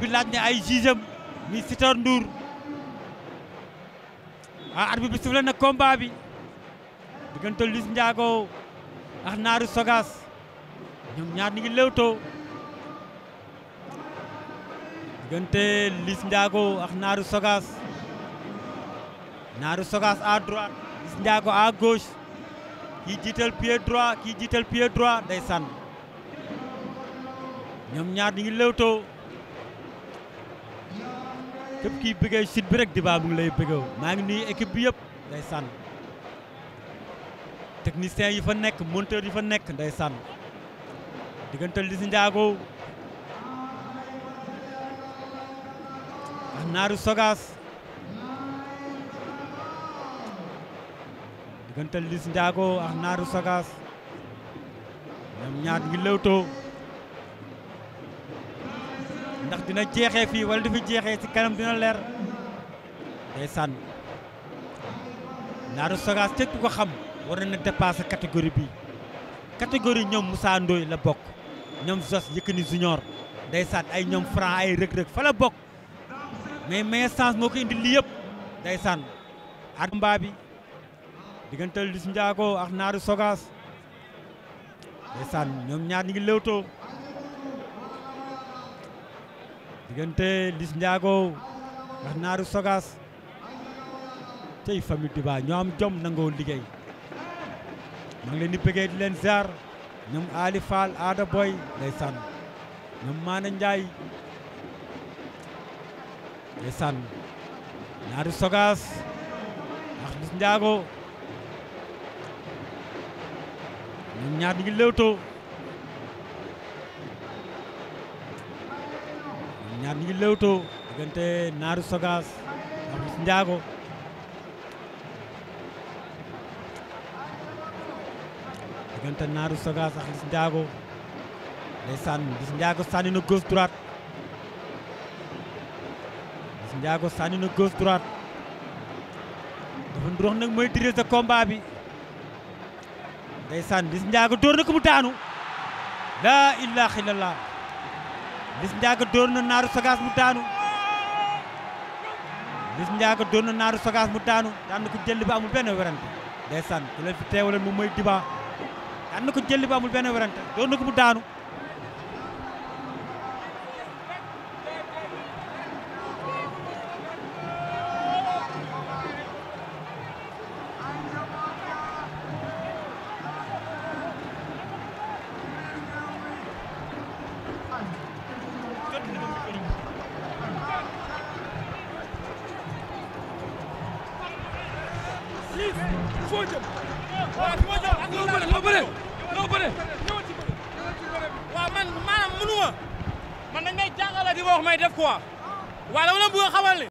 arbitre bi laaj ne ay jugeem mi Sitor Ndour ah arbitre bi sifflé na combat bi diggante Liss Ndiago ak Narou Sogas ñoom ñaar ñu ngi lewtoo diggante Liss Ndiago ak Narou Sogas Narou Sogas à droite Liss Ndiago à gauche kii jiital pied droit kii jiital pied droit day san ñoom ñaar ñu ngi lewtoo képp kiy bëggee sud bi rek Diba mu ngi lay bëggew maa ngi nuyu équipe bi yëpp ndeysaan technicien yi fa nekk monteur yi fa nekk ndeysaan diggantal di si njaago ak naaru sogaas diggantal di si njaago ak naaru sogaas ñoom ñaar ngi lewtoo ndax dina jeexee fii wala du fi jeexee ci kanam dina leer ndeysaan Narou Sogas képp ko xam war na dépasser catégorie bi catégorie ñoom Moussa Ndoye la bokk ñoom Jos Yékini Junior ndeysaan ay ñoom Franc ay rëg-rëg fa la bokk mais mais sens moo ko indi lii yëpp ndeysaan ak mbaa bi diggantal Liss Ndiago ak Narou Sogas ndeysaan ñoom ñaar ñi ngi lewtoo diggante Liss njaago ak Naaru Sogas tey famille Duba ñoo am jom nangoo liggéey ma ngi leen di bëggee di leen ziar ñoom Ali Fall Ada Boy ndeysaan ñoom Maana Ndiaye ndeysaan Naaru Sogas ak Liss Ndiago ñoom ñaar ñu ngi lewtoo ñaar ñu ngi lewtoo diggante Naaru Sogas ak Liss Ndiago diggante Naaru Sogas ak Liss Ndiago ndeysaan Liss Ndiago sànni na gauche droite Liss Ndiago sànni na gauche droite dafa ndox nag mooy diriger combat bi ndeysaan Liss Ndiago na ko daanu laa ilaaha Liss Ndiago dóor na naaru Sogas mu daanu Liss Ndiago dóor na naaru Sogas mu daanu daan na ko jël amul benn werante ndeysaan ku leen fi teewaloon moom mooy Diba daan na ko jël amul benn werante dóor na ko mu daanu foo jëm loo bëre loo bëre loo bëre waaw man maanaam mënu ma man dañ may di ma wax may def quoi waaw dama la bëgg a xamal ni